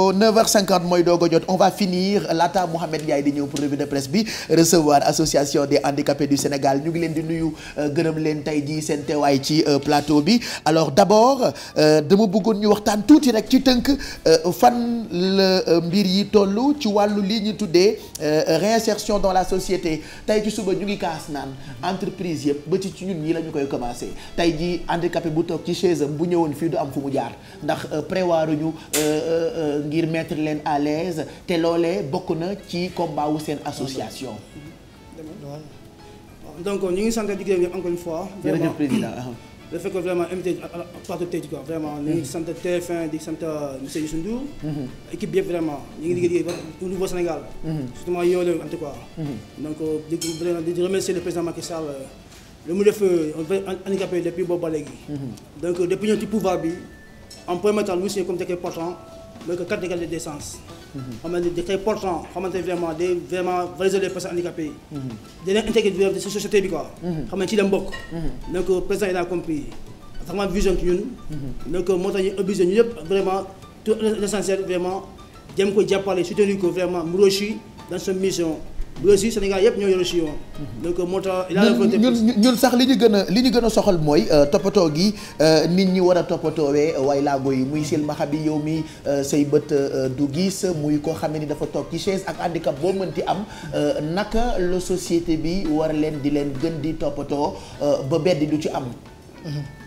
au 9h50 mooy doog a jot on va finir laata Mouhamed Ndiaye di ñëw pour revue de presse bi recevoir association des handicapés du Sénégal ñu ngi leen di nuyu euh, gërëm leen tey jii seen teewaay ci euh, plateau bi alors d'abord euh, dama bëggoon ñu waxtaan tuuti rek ci tënk fan la mbir yi toll ci wàllu lii ñu tuddee réinsertion dans la société tey ji suba ñu ngi kaas naan entreprise yëpp ba ci ñun ñii la ñu koy commencé tey jii handicapé bu toog ci chaise am bu ñëwoon fii du am fu jaar ndax ngir mettre leen à l'aise te loolee bokk na ci combat wu seen association. donc ñu ngi sant di gërëm ñëpp encore une fois. jërëjëf président dafa ah. fekk vraiment invité plateau tey quoi vraiment. ñu ngi sant TF1 di sant euh, monsieur Youssou Ndour. Mm-hmm. équipe bi vraiment ñu ngi liggéey au niveau Sénégal. Mm-hmm. surtout mooy yow en tout cas. Mm-hmm. donc euh, di vraiment remercier le président Macky Sall lu mu def handicapé depuis boobu ba léegi. donc euh, depuis ñëw ci pouvoir bi comme décret avec carte d'égalité des chances. xamante ni dafay portant xamante vraiment day vraiment valoriser les personnes handicapées yi. Mhm. di leen intégrer ci société bi quoi. Mhm. xam ne ci dem bokk. Mhm. Euh, président il a compris dafa am vision ci ñun. donc euh, moo ñu obligé ñu yëpp vraiment tout l'essentiel vraiment jéem ko jàppale soutenir ko vraiment mu dans sa mission. Brésil Sénégal yëpp ñoo yore chion. donc moo tax il ñun sax li ñu gën a li ñu gën a soxal mooy euh, toppatoo gi euh, nit ñi war a toppatoo toppatoowee way laago yi muy silmaxa bi yow mi euh, say bët du gis muy koo xam ni dafa toog ci chaise ak handicap boo mënti am naka la société bi war leen di leen gën di toppatoo ba beddi du ci am. Mhm.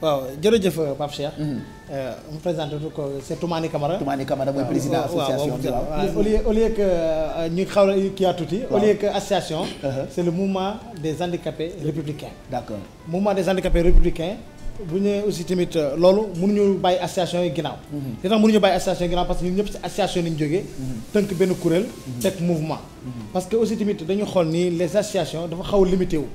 waaw jërëjëf euh, Pape Cheikh. mu mhm. euh, présenté ko c'est Toumani mooy président association waaw au lieu au euh, xaw a kii a tuuti. au lieu que association. Uh-huh. c'est le mouvement des handicapés républicains. d'accord mouvement des handicapés républicains. bu ñu aussi tamit loolu mënuñu bàyyi association yi ginnaaw. li mhm. tax mënuñu bàyyi association yi ginnaaw parce que ñun ñëpp ci association lañu jógee. Mhm. tënk benn kuréel. teg mouvement. parce que aussi tamit dañu xool ni les associations dafa xaw a limité wu.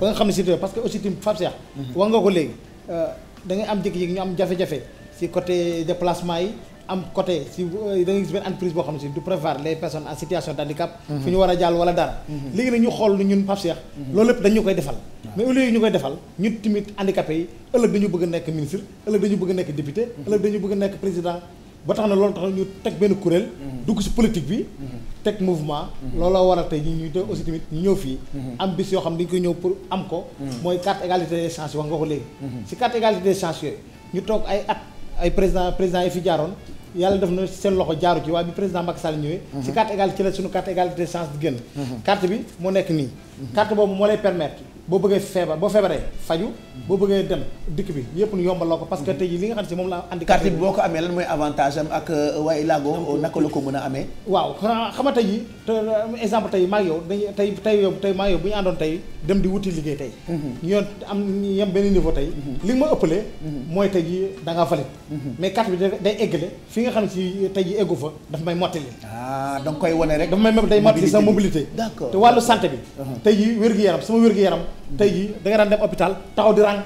ba parce que aussi tamit Pape Cheikh. Euh, da ngay am jékki-jékki ñu am jafe-jafe si côté déplacement yi am côté si euh, da ngay gis benn entreprise boo xam ne si du prévoir les personnes en situation de handicap mhm. ñu war a jàll wala dara mhm. léegi nag ñu xool nu ñun Pape Cheikh mhm. loolu lépp dañu koy defal mais au lieu ñu koy defal ñun tamit handicapé yi ëllëg dañu bëgg nekk ministre ëllëg dañu bëgg nekk député ëllëg dañu bëgg nekk président ba tax na loolu tax na ñu teg benn kuréel. Mhm. dugg si politique bi. Mhm. teg mouvement. Mhm. war a tey ñu ñu aussi tamit ñëw fii. am bis yoo xam ne dañu koy ñëw pour am ko. mooy carte égalité des chances wax nga ko léegi. si carte égalité des chances ñu toog ay at ay président président yi fi jaaroon yàlla def na seen loxo jaaru ci waaye bi président Macky Sall ñëwee. si carte égalité ci la suñu di génn. carte bi moo nekk nii. carte boobu moo lay permettre. boo bëggee feebar boo feebaree faju boo bëggee dem dikk bi yëpp ñu yombal la ko parce que mm-hmm. tey jii li nga xam ne si moom la andi carte bi boo ko amee lan mooy avantage am ak euh, waaye laago euh, naka la ko mën a amee waaw xam nga tey jii te euh, exemple tey maa ngi yow tey tey tey maa ngi yow bu tey dem di wuti liggéey tey mm-hmm. ñu yoon am yem benn niveau tey mm-hmm. li nga ma mooy tey jii danga ngaa valide mais carte bi day eggale fi nga xam ne si tey jii eggu fa daf may mottali ah da nga koy wane rek dafa may day mottali sa mobilité te wàllu santé bi uh-huh. tey jii wér-gu-yaram sama wér-gu-yaram tey jii da nga daan dem hôpital taxaw di ràng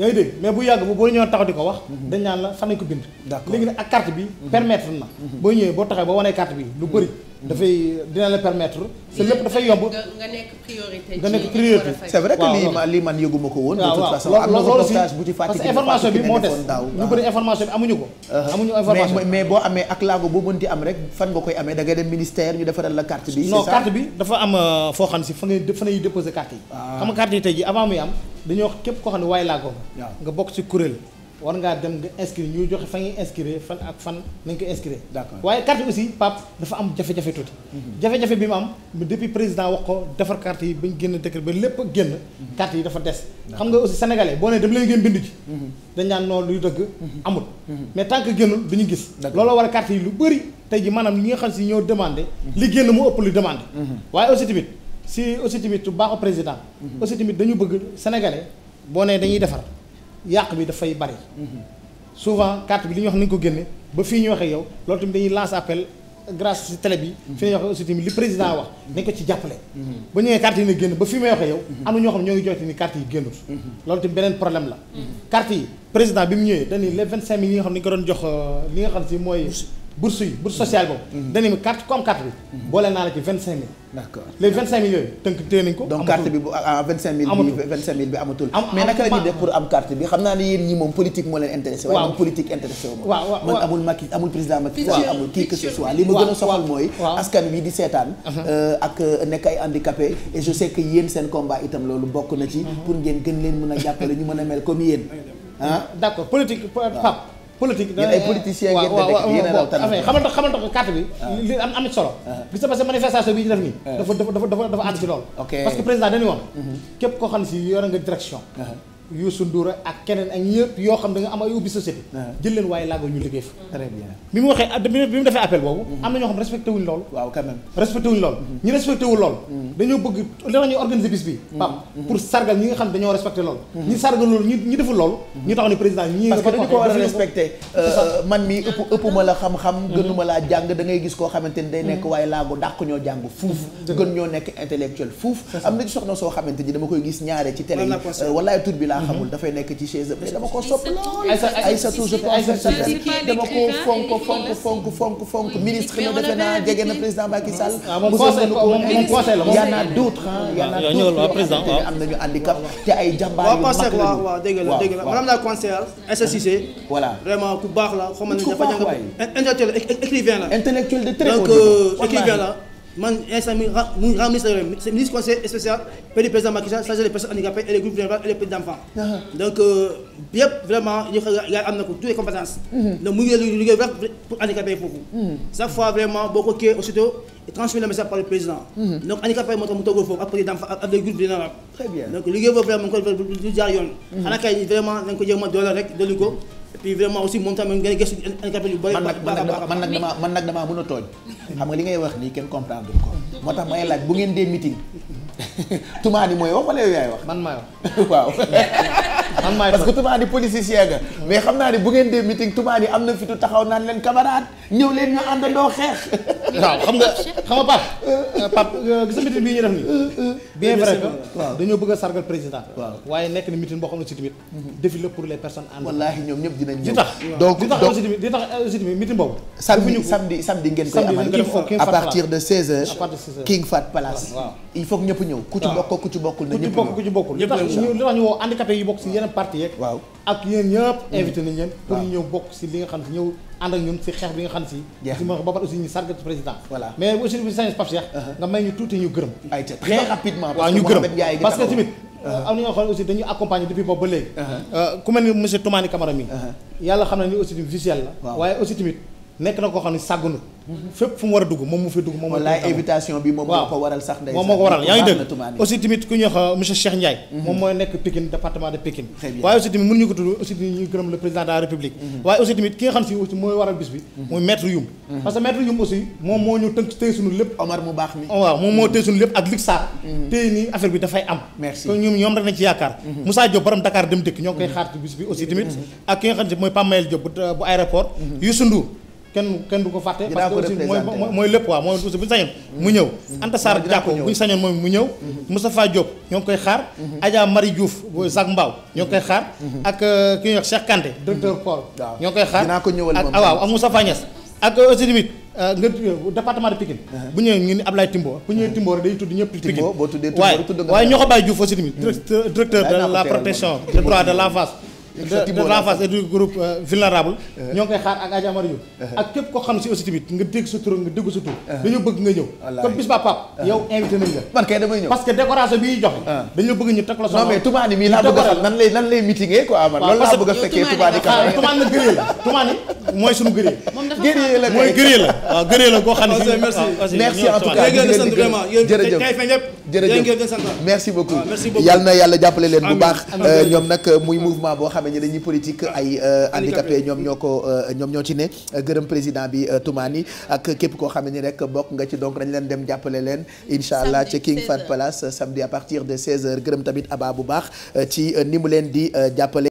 yaa ngi mais bu yàgg bu boo ñëwoon taxaw di ko wax mhm. dañ naan la fan nañ ko bind léegi nag ak carte bi mhm. permettre na mhm. boo ñëwee boo taxee ba wanee kart bi lu bëri dafay dina la permettre. sa lépp dafay yomb nga nekk priorité. nga nekk priorité ko woon. de toute façon am na reportage bu parce information bi moo des ñu bëri ah. information bi amuñu ko. Uh-huh. amuñu information mais boo amee ak laago boo mënti am rek fan nga koy amee da ngay dem ministère ñu defaral la carte bi. c'est ça non carte bi dafa am euh, foo xam si fa ngay fa ngay déposer carte yi. Ah. xam nga carte yi tey jii muy am dañoo wax képp koo xam ne waaye laago nga bokk ci kuréel war ngaa dem nga inscrire ñuy joxe fa ñuy inscrire fan ak fan nañ ko inscrire. d'accord waaye carte aussi Pape dafa am jafe-jafe tuuti. Mhm. jafe-jafe bi mu am depuis président wax ko defar carte yi bañ génn décret ba lépp génn. Mhm. carte yi dafa des. xam nga aussi sénégalais boo nee dem leen ngeen ci. Mhm. dañ naan non luy dëgg. amut mais tant que génnul duñu gis. looloo war a carte bëri tey ji maanaam ñi nga xam si ñoo demandé. li génn mu ëpp lu demandé. waaye aussi tamit si aussi tamit bu baax président. aussi tamit dañu bëgg sénégalais boo nee dañuy defar. yàq bi dafay bari. souvent carte bi li ñuy wax nañu ko génne ba fii ñu waxee yow loolu tamit dañuy lance appel grâce ci bi. Mm-hmm. fi ñuy waxee aussi tamit li président wax nañ ko ci jàppale. Mm-hmm. ba ñu nee carte yi ne génn ba fii may waxee yow. Mm-hmm. am na ñoo xam ñoo ngi joxe ni carte yi génnut. loolu tamit beneen problème la. carte yi président bi mu ñëwee dañuy les vingt cinq mille yi nga xam ne ñu doon jox euh, li nga xam si mooy. bourse yi bourse sociale boobu. Mm-hmm. dañu ne carte comme carte bi. Mm-hmm. boole naa la ci vingt cinq mille. d' accord vingt cinq mille bi bu ah, ah vingt mais naka la ñuy def pour am carte bi xam naa ne yéen ñi moom politique moo leen intéressé. waaw waaye man politique waaw man amul Macky amul président Macky amul qui que ce li ma gën a soxal mooy. askan wi di seetaan. Uh-huh. Euh, ak euh, nekk ay handicapé. et je sais que yéen seen combat itam loolu bokk na ci. Uh-huh. pour ngeen gën leen politique yéen ay politiciens ngeen nekk yéen a tamit xamal tax xamal tax carte bi li am am solo uh-huh. gis nga parce que manifestation bi ñu def nii uh-huh. dafa dafa dafa dafa ànd ci loolu parce que président dañu uh-huh. képp koo xam ne si yor nga direction Youssou Ndour ak keneen ak ñëpp yoo xam da am ay ubbi société ah. jël waaye laago ñu liggéey fa bi mu waxee bi mu defee appel boobu am na ñoo xam respecté wuñ loolu waaw quand même respecté wuñ loolu mm-hmm. ñu respecté wu lool mm-hmm. dañoo bëgg la ñuy organiser bis bi mm-hmm. pam pour sargal ñi nga xam ne dañoo respecté loolu ñi sargal loolu ñu ñu deful loolu ñu tax ne président ñi dañu ko war a respecté euh, man mii ëpp ëpp la xam-xam gënuma laa jàng da gis koo xamante Mm-hmm. xamul dafay nekk ci chaise mais dama ko sopp lool Aïssatou je pense que dama ko fonk fonk fonk fonk fonk ministre na defe naa jege na président Macky ah, Sall mosoon na ko woon yaa naa d'autres yaa naa d'autres am nañu handicap te ay jàmbaar yu mag lañu waaw waaw dégg la dégg la madame la conseillère Aïssa Cissé voilà vraiment ku baax la xamal ne dafa jàng intellectuel écrivain la intellectuel de très haut niveau donc euh, écrivain la man instant mi muy grand ministre ministre conseil spécial près du président Macky Sall chargé des personnes handicapées et des groupes vulnérables et les petits enfants ah. donc euh, yëpp vraiment ñu xam yaa am na ko toutes les compétences mhm. donc mu ngi liggéey pour handicapés foofu mhm. chaque fois vraiment boo ko kiiyee aussitôt transmis le message par le président mhm. donc handicapés moo tax mu toogoo foofu ak petits enfants ak les groupes vulnérables très bien donc liggéey boobu vraiment mu ko du jaar yoon xanaa kay vraiment nañ ko jéem a doole rek dolli et puis vraiment aussi moom tamit nga gëstu handicapé yu bëri. man nag damaa man nag damaa mën a tooñ. xam nga li ngay wax nii kenn comprendre duñ ko. moo tax may laaj bu ngeen dee meeting. tumaani mooy wax wala yow yaay wax. man maay wax waaw. man maay parce que tumaani politicien nga. mais xam naa ne bu ngeen dee meeting tumaani am na fitu taxaw naan leen camarade ñëw leen ñu àndandoo xeex. waaw xam nga xam nga Pape euh, Pape euh, euh, gis nga mitin def nii. bien vrai que dañoo bëgg sargal président. waaye nekk na mitin boo xam ne aussi tamit. Mhm. défilé pour les personnes ànd. wallaahi ñoom ñëpp dinañ ñëw. di tax donc boobu. samedi samedi ngeen koy amal King Fat Palace. il faut ñëpp ñëw ku ci bokk ku ci bokkul na ñëpp ñëw ku ci bokkul li tax ñu li tax yi bokk si yeneen parti yeeg. waaw ak yéen ñëpp mm. invité nañ leen pour ñëw bokk si li nga xam ne ñëw ànd ak ñun si xeex bi nga xam si si ma ba pare aussi ñu sargal président mais aussi bi sañ Pape uh-huh. nga may ñu tuuti ñu gërëm ay ñu gërëm parce que tamit uh-huh. euh, am na ñoo xam ne aussi dañu accompagner depuis boobu ba léegi uh-huh. euh, ku mel ni monsieur Toumani Camara mi yàlla xam na ni aussi visuel la waaye aussi tamit nekk na ko xam ne sàggunu fépp fu mu war a dugg moom mu fi dugg moom wala invitation bi moom moo ko waral moom moo ko waral yaa ngi dégg euh, mhm. moom mooy nekk Pikine département de Pikine waaye aussi aussi tamit ñuy gërëm le président mhm. aussi aussi mooy waral bis bi mhm. mooy maître Youm parce que maître Youm aussi moom moo ñu tënk téye lépp Omar mu baax mi waaw moom moo téye suñu lépp ak Luc Sarr téye nii affaire bi dafay am merci ñoom ñoom rek nañ ci yaakaar Moussa Diop borom Dakar dem dëkk kenn kenn du ko fàtte parce que aussi mooy mooy lépp waaw mooy bu sañoon mu ñëw mm-hmm. Anta Sarr jàkko bu ñu sañoon moom mu ñëw mm-hmm. Moustapha Diop ñoo koy xaar mm-hmm. Adja Marie Diouf Zac Mbao ñoo ngi koy xaar ak euh, ki ñuy waaw ah, ak Moustapha Niass ak euh, aussi tamit euh, nga département de Pikine uh-huh. bu ñëwee ñu ni Ablaye Timbo bu ñëwee uh-huh. Timbo rek day tudd ñëpp Pikine waaye ñoo ko bàyyi Diouf aussi tamit directeur de la protection des droits de l'enfance de l'enfance et du groupe euh, vulnérable euh. ñoo ngi xaar ak Adja Amar euh. ak képp koo xam si aussi nga dégg sa tur nga dégg sa dañoo bëgg nga ñëw comme bis ba pap yow invité la man kay damay ñëw parce que bi ñuy joxe dañoo bëgg ñu teg la non mais mii laa bëgg a xam nan lay nan lay meetingé quoi man loolu laa bëgg a fekkee Toumani Toumani na gëree ah, Toumani mooy suñu gëree. moom dafa la mooy gëree la. waaw gëree la koo xam ne merci merci en tout cas jërëjëf merci beaucoup yal na yàlla jàppale leen bu baax. ñoom nag muy mouvement boo xam ne dañuy politique ay handicapé ñoom ñoo ko ñoom ñoo ci ne gërëm président bi Toumani ak képp koo xam ne rek bokk nga ci donc dañ leen dem jàppale leen incha allah ci King Fahd Palace samedi à partir de 16h gërëm tamit Aba bu baax ci ni mu leen di jàppale